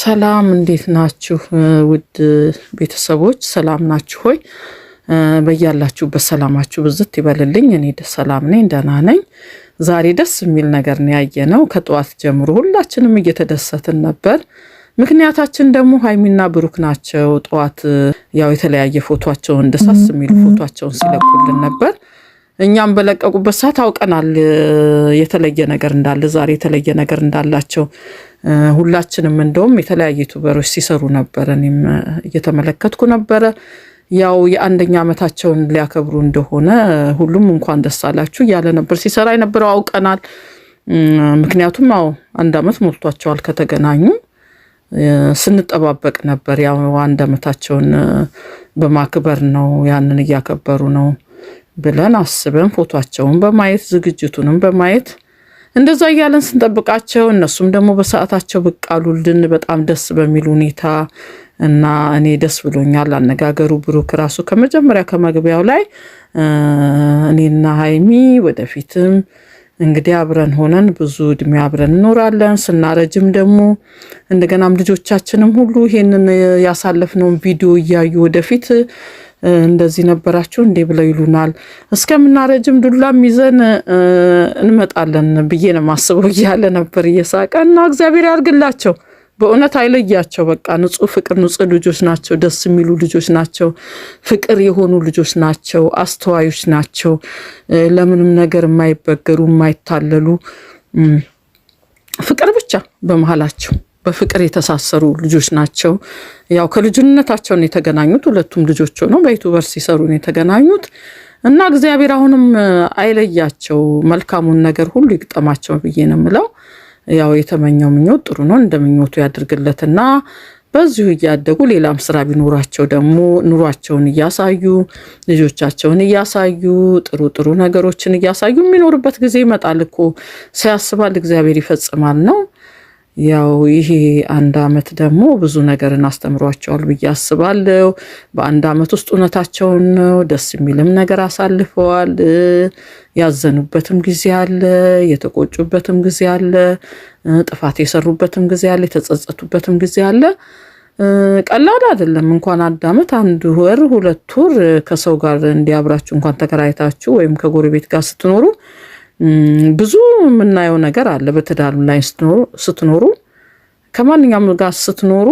ሰላም እንዴት ናችሁ? ውድ ቤተሰቦች ሰላም ናችሁ ሆይ? በያላችሁበት ሰላማችሁ ብዝት ይበልልኝ። እኔ ሰላም ነኝ፣ ደህና ነኝ። ዛሬ ደስ የሚል ነገር ነው ያየነው። ከጠዋት ጀምሮ ሁላችንም እየተደሰትን ነበር። ምክንያታችን ደግሞ ሀይሚና ብሩክ ናቸው። ጠዋት ያው የተለያየ ፎቷቸውን ደሳስ የሚል ፎቷቸውን ሲለቁልን ነበር። እኛም በለቀቁበት ሰዓት አውቀናል የተለየ ነገር እንዳለ ዛሬ የተለየ ነገር እንዳላቸው ሁላችንም እንደውም የተለያዩ ዩቱበሮች ሲሰሩ ነበረ። እኔም እየተመለከትኩ ነበረ። ያው የአንደኛ ዓመታቸውን ሊያከብሩ እንደሆነ ሁሉም እንኳን ደስ አላችሁ እያለ ነበር ሲሰራ የነበረው አውቀናል። ምክንያቱም ያው አንድ ዓመት ሞልቷቸዋል ከተገናኙ ስንጠባበቅ ነበር። ያው አንድ ዓመታቸውን በማክበር ነው ያንን እያከበሩ ነው ብለን አስበን ፎቷቸውን በማየት ዝግጅቱንም በማየት እንደዛ እያለን ስንጠብቃቸው እነሱም ደግሞ በሰዓታቸው ብቅ አሉልን በጣም ደስ በሚል ሁኔታ እና እኔ ደስ ብሎኛል። አነጋገሩ ብሩክ ራሱ ከመጀመሪያ ከመግቢያው ላይ እኔና ሀይሚ ወደፊትም እንግዲህ አብረን ሆነን ብዙ እድሜ አብረን እኖራለን። ስናረጅም ደግሞ እንደገናም ልጆቻችንም ሁሉ ይሄንን ያሳለፍነውን ቪዲዮ እያዩ ወደፊት እንደዚህ ነበራችሁ እንዴ ብለው ይሉናል። እስከምናረጅም ዱላም ይዘን እንመጣለን ብዬ ነው ማስበው እያለ ነበር እየሳቀ እና እግዚአብሔር ያርግላቸው በእውነት አይለያቸው። በቃ ንጹህ ፍቅር፣ ንጹህ ልጆች ናቸው። ደስ የሚሉ ልጆች ናቸው። ፍቅር የሆኑ ልጆች ናቸው። አስተዋዮች ናቸው። ለምንም ነገር የማይበገሩ የማይታለሉ ፍቅር ብቻ በመሀላቸው በፍቅር የተሳሰሩ ልጆች ናቸው። ያው ከልጅነታቸውን የተገናኙት ሁለቱም ልጆች ሆነው በዩቱበር ሲሰሩ ነው የተገናኙት እና እግዚአብሔር አሁንም አይለያቸው፣ መልካሙን ነገር ሁሉ ይግጠማቸው ብዬ ነው የምለው። ያው የተመኘው ምኞት ጥሩ ነው፣ እንደ ምኞቱ ያድርግለትና በዚሁ እያደጉ ሌላም ስራ ቢኖራቸው ደግሞ ኑሯቸውን እያሳዩ ልጆቻቸውን እያሳዩ ጥሩ ጥሩ ነገሮችን እያሳዩ የሚኖርበት ጊዜ ይመጣል እኮ። ሲያስባል እግዚአብሔር ይፈጽማል ነው ያው ይሄ አንድ አመት ደግሞ ብዙ ነገርን አስተምሯቸዋል ብዬ አስባለሁ። በአንድ አመት ውስጥ እውነታቸውን ነው። ደስ የሚልም ነገር አሳልፈዋል። ያዘኑበትም ጊዜ አለ፣ የተቆጩበትም ጊዜ አለ፣ ጥፋት የሰሩበትም ጊዜ አለ፣ የተጸጸቱበትም ጊዜ አለ። ቀላል አይደለም። እንኳን አንድ አመት አንድ ወር ሁለት ወር ከሰው ጋር እንዲያብራችሁ እንኳን ተከራይታችሁ ወይም ከጎረቤት ጋር ስትኖሩ ብዙ የምናየው ነገር አለ። በትዳር ላይ ስትኖሩ ከማንኛውም ጋር ስትኖሩ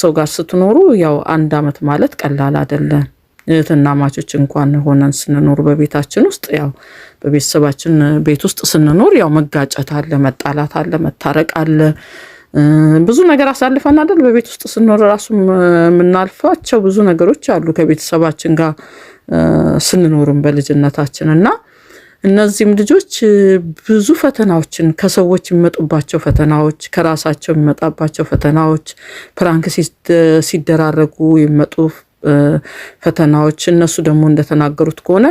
ሰው ጋር ስትኖሩ ያው አንድ አመት ማለት ቀላል አይደለም። እህትማማቾች እንኳን ሆነን ስንኖር በቤታችን ውስጥ ያው በቤተሰባችን ቤት ውስጥ ስንኖር ያው መጋጨት አለ፣ መጣላት አለ፣ መታረቅ አለ። ብዙ ነገር አሳልፈን አይደል? በቤት ውስጥ ስንኖር ራሱ የምናልፋቸው ብዙ ነገሮች አሉ ከቤተሰባችን ጋር ስንኖርም በልጅነታችን እና እነዚህም ልጆች ብዙ ፈተናዎችን ከሰዎች የሚመጡባቸው ፈተናዎች፣ ከራሳቸው የሚመጣባቸው ፈተናዎች፣ ፕራንክ ሲደራረጉ የሚመጡ ፈተናዎች እነሱ ደግሞ እንደተናገሩት ከሆነ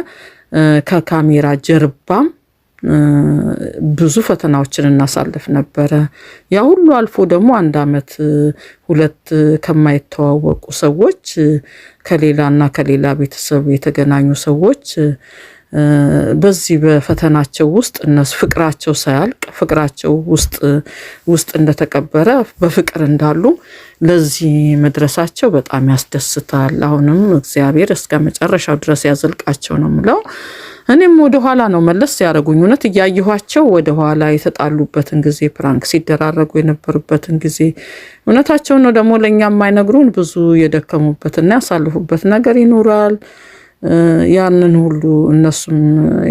ከካሜራ ጀርባም ብዙ ፈተናዎችን እናሳልፍ ነበረ። ያ ሁሉ አልፎ ደግሞ አንድ አመት ሁለት ከማይተዋወቁ ሰዎች ከሌላና ከሌላ ቤተሰብ የተገናኙ ሰዎች በዚህ በፈተናቸው ውስጥ እነሱ ፍቅራቸው ሳያልቅ ፍቅራቸው ውስጥ ውስጥ እንደተቀበረ በፍቅር እንዳሉ ለዚህ መድረሳቸው በጣም ያስደስታል። አሁንም እግዚአብሔር እስከ መጨረሻው ድረስ ያዘልቃቸው ነው ምለው። እኔም ወደኋላ ነው መለስ ያደረጉኝ እውነት እያየኋቸው ወደኋላ የተጣሉበትን ጊዜ ፕራንክ ሲደራረጉ የነበሩበትን ጊዜ እውነታቸውን ነው ደግሞ ለእኛ የማይነግሩን ብዙ የደከሙበትና ያሳልፉበት ነገር ይኖራል። ያንን ሁሉ እነሱም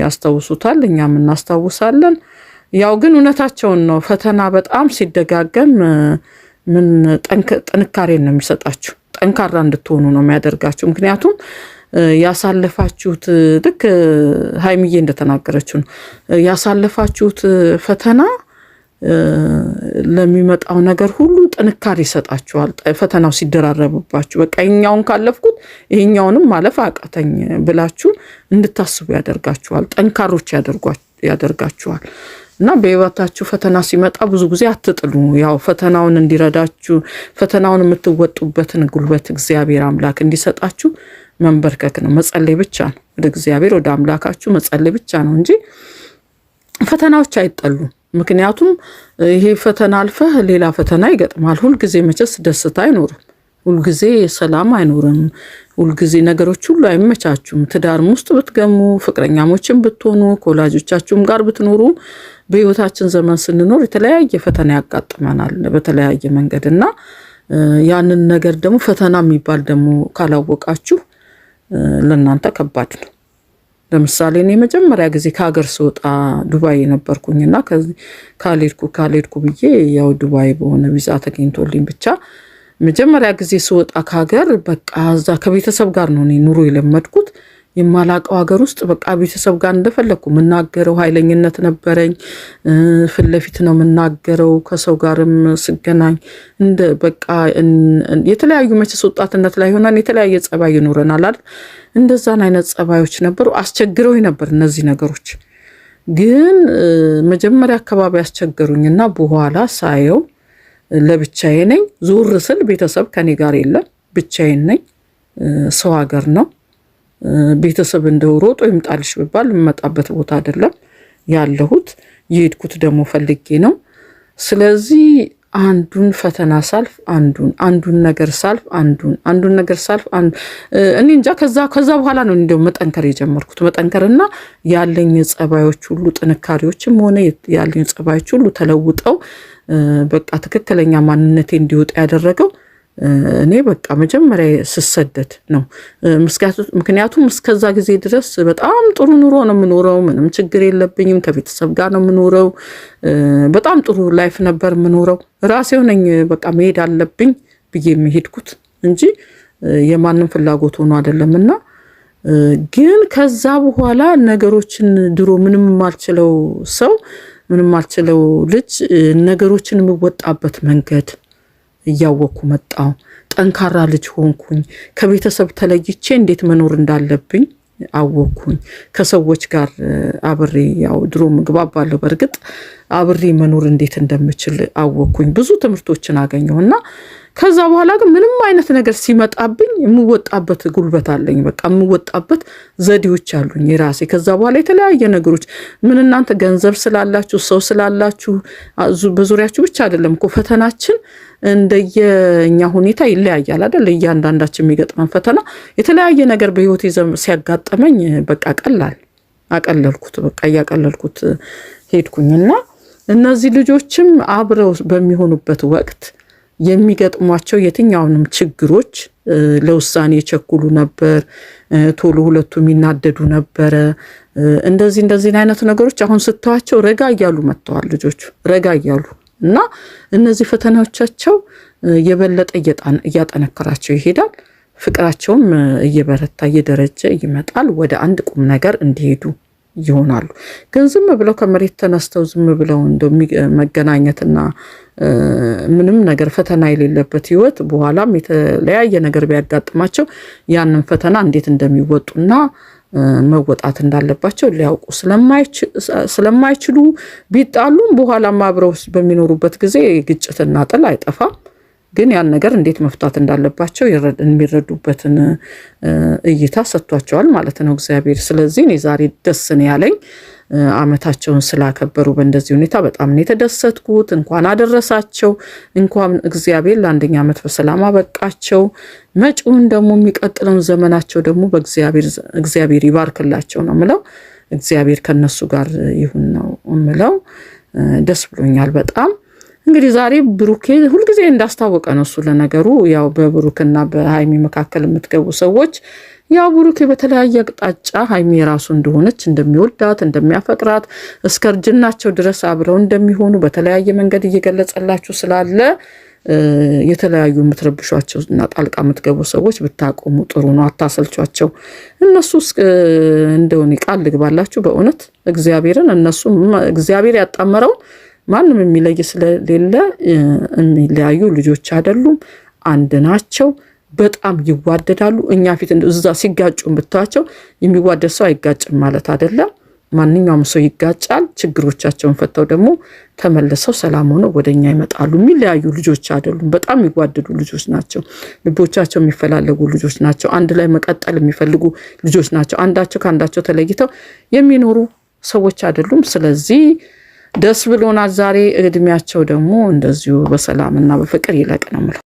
ያስታውሱታል፣ እኛም እናስታውሳለን። ያው ግን እውነታቸውን ነው። ፈተና በጣም ሲደጋገም ምን ጥንካሬን ነው የሚሰጣችሁ፣ ጠንካራ እንድትሆኑ ነው የሚያደርጋችሁ። ምክንያቱም ያሳለፋችሁት ልክ ሀይምዬ እንደተናገረችው ነው ያሳለፋችሁት ፈተና ለሚመጣው ነገር ሁሉ ጥንካሬ ይሰጣችኋል። ፈተናው ሲደራረብባችሁ በቃ ይሄኛውን ካለፍኩት ይሄኛውንም ማለፍ አቃተኝ ብላችሁ እንድታስቡ ያደርጋችኋል። ጠንካሮች ያደርጋችኋል። እና በህይወታችሁ ፈተና ሲመጣ ብዙ ጊዜ አትጥሉ። ያው ፈተናውን እንዲረዳችሁ ፈተናውን የምትወጡበትን ጉልበት እግዚአብሔር አምላክ እንዲሰጣችሁ መንበርከክ ነው፣ መጸለይ ብቻ ነው። ወደ እግዚአብሔር ወደ አምላካችሁ መጸለይ ብቻ ነው እንጂ ፈተናዎች አይጠሉም። ምክንያቱም ይሄ ፈተና አልፈህ ሌላ ፈተና ይገጥማል። ሁልጊዜ መቼስ ደስታ አይኖርም። ሁልጊዜ ሰላም አይኖርም። ሁልጊዜ ነገሮች ሁሉ አይመቻችሁም። ትዳርም ውስጥ ብትገሙ፣ ፍቅረኛሞችን ብትሆኑ፣ ከወላጆቻችሁም ጋር ብትኖሩ፣ በህይወታችን ዘመን ስንኖር የተለያየ ፈተና ያጋጥመናል በተለያየ መንገድ እና ያንን ነገር ደግሞ ፈተና የሚባል ደግሞ ካላወቃችሁ ለእናንተ ከባድ ነው። ለምሳሌ እኔ መጀመሪያ ጊዜ ከሀገር ስወጣ ዱባይ የነበርኩኝ እና ካልሄድኩ ካልሄድኩ ብዬ ያው ዱባይ በሆነ ቪዛ ተገኝቶልኝ ብቻ መጀመሪያ ጊዜ ስወጣ ከሀገር በቃ እዛ ከቤተሰብ ጋር ነው እኔ ኑሮ የለመድኩት። የማላቀው ሀገር ውስጥ በቃ ቤተሰብ ጋር እንደፈለግኩ የምናገረው ኃይለኝነት ነበረኝ። ፊት ለፊት ነው የምናገረው። ከሰው ጋርም ስገናኝ እንደ በቃ የተለያዩ መቼስ ወጣትነት ላይ ሆነን የተለያየ ጸባይ ይኖረናል አይደል? እንደዛን አይነት ጸባዮች ነበሩ። አስቸግረው ነበር እነዚህ ነገሮች ግን መጀመሪያ አካባቢ አስቸገሩኝ እና በኋላ ሳየው ለብቻዬ ነኝ። ዞር ስል ቤተሰብ ከኔ ጋር የለም፣ ብቻዬን ነኝ። ሰው ሀገር ነው ቤተሰብ እንደው ሮጦ ይምጣልሽ ብባል የምመጣበት ቦታ አይደለም ያለሁት። የሄድኩት ደግሞ ፈልጌ ነው። ስለዚህ አንዱን ፈተና ሳልፍ አንዱን አንዱን ነገር ሳልፍ አንዱን አንዱን ነገር ሳልፍ እኔ እንጃ ከዛ ከዛ በኋላ ነው እንደው መጠንከር የጀመርኩት። መጠንከርና ያለኝ ጸባዮች ሁሉ ጥንካሬዎችም ሆነ ያለኝ ጸባዮች ሁሉ ተለውጠው በቃ ትክክለኛ ማንነቴ እንዲወጣ ያደረገው እኔ በቃ መጀመሪያ ስሰደድ ነው። ምክንያቱም እስከዛ ጊዜ ድረስ በጣም ጥሩ ኑሮ ነው የምኖረው። ምንም ችግር የለብኝም። ከቤተሰብ ጋር ነው የምኖረው። በጣም ጥሩ ላይፍ ነበር የምኖረው። ራሴው ነኝ በቃ መሄድ አለብኝ ብዬ የሚሄድኩት እንጂ የማንም ፍላጎት ሆኖ አይደለም እና ግን ከዛ በኋላ ነገሮችን ድሮ ምንም ማልችለው ሰው ምንም ማልችለው ልጅ ነገሮችን የምወጣበት መንገድ እያወቅኩ መጣው ጠንካራ ልጅ ሆንኩኝ። ከቤተሰብ ተለይቼ እንዴት መኖር እንዳለብኝ አወቅኩኝ። ከሰዎች ጋር አብሬ ያው ድሮ ምግባባለሁ በእርግጥ አብሬ መኖር እንዴት እንደምችል አወቅኩኝ። ብዙ ትምህርቶችን አገኘሁ እና ከዛ በኋላ ግን ምንም አይነት ነገር ሲመጣብኝ የምወጣበት ጉልበት አለኝ። በቃ የምወጣበት ዘዴዎች አሉኝ የራሴ። ከዛ በኋላ የተለያየ ነገሮች ምን እናንተ ገንዘብ ስላላችሁ ሰው ስላላችሁ በዙሪያችሁ ብቻ አይደለም እኮ ፈተናችን እንደየኛ ሁኔታ ይለያያል አይደል? እያንዳንዳችን የሚገጥመን ፈተና የተለያየ ነገር በህይወት ሲያጋጠመኝ በቃ ቀላል አቀለልኩት፣ በቃ እያቀለልኩት ሄድኩኝና እነዚህ ልጆችም አብረው በሚሆኑበት ወቅት የሚገጥሟቸው የትኛውንም ችግሮች ለውሳኔ የቸኩሉ ነበር። ቶሎ ሁለቱ የሚናደዱ ነበረ። እንደዚህ እንደዚህ አይነት ነገሮች አሁን ስተዋቸው ረጋ እያሉ መጥተዋል። ልጆቹ ረጋ እያሉ እና እነዚህ ፈተናዎቻቸው የበለጠ እያጠነከራቸው ይሄዳል። ፍቅራቸውም እየበረታ እየደረጀ ይመጣል። ወደ አንድ ቁም ነገር እንዲሄዱ ይሆናሉ። ግን ዝም ብለው ከመሬት ተነስተው ዝም ብለው እንደ መገናኘትና ምንም ነገር ፈተና የሌለበት ህይወት በኋላም የተለያየ ነገር ቢያጋጥማቸው ያንን ፈተና እንዴት እንደሚወጡና መወጣት እንዳለባቸው ሊያውቁ ስለማይችሉ ቢጣሉም በኋላም አብረው በሚኖሩበት ጊዜ ግጭትና ጥል አይጠፋም። ግን ያን ነገር እንዴት መፍታት እንዳለባቸው የሚረዱበትን እይታ ሰጥቷቸዋል ማለት ነው እግዚአብሔር። ስለዚህ እኔ ዛሬ ደስ ነው ያለኝ አመታቸውን ስላከበሩ በእንደዚህ ሁኔታ በጣም ነው የተደሰትኩት። እንኳን አደረሳቸው፣ እንኳን እግዚአብሔር ለአንደኛ ዓመት በሰላም አበቃቸው። መጪውን ደግሞ የሚቀጥለውን ዘመናቸው ደግሞ በእግዚአብሔር ይባርክላቸው ነው ምለው። እግዚአብሔር ከነሱ ጋር ይሁን ነው ምለው። ደስ ብሎኛል በጣም እንግዲህ ዛሬ ብሩኬ ሁልጊዜ እንዳስታወቀ ነው እሱ። ለነገሩ ያው በብሩክና በሀይሚ መካከል የምትገቡ ሰዎች ያው ብሩኬ በተለያየ አቅጣጫ ሀይሚ የራሱ እንደሆነች እንደሚወዳት እንደሚያፈቅራት እስከ እርጅናቸው ድረስ አብረው እንደሚሆኑ በተለያየ መንገድ እየገለጸላችሁ ስላለ የተለያዩ የምትረብሿቸው እና ጣልቃ የምትገቡ ሰዎች ብታቆሙ ጥሩ ነው። አታሰልቿቸው። እነሱ እንደሆነ ቃል ልግባላችሁ በእውነት እግዚአብሔርን እነሱ እግዚአብሔር ያጣመረውን ማንም የሚለይ ስለሌለ የሚለያዩ ልጆች አይደሉም፣ አንድ ናቸው። በጣም ይዋደዳሉ። እኛ ፊት እዛ ሲጋጩ ብታቸው የሚዋደድ ሰው አይጋጭም ማለት አይደለም። ማንኛውም ሰው ይጋጫል። ችግሮቻቸውን ፈተው ደግሞ ተመልሰው ሰላም ሆነው ወደኛ ይመጣሉ። የሚለያዩ ልጆች አይደሉም። በጣም የሚዋደዱ ልጆች ናቸው። ልቦቻቸው የሚፈላለጉ ልጆች ናቸው። አንድ ላይ መቀጠል የሚፈልጉ ልጆች ናቸው። አንዳቸው ከአንዳቸው ተለይተው የሚኖሩ ሰዎች አይደሉም። ስለዚህ ደስ ብሎናል ዛሬ። እድሜያቸው ደግሞ እንደዚሁ በሰላምና በፍቅር ይለቅ ነው የምለው።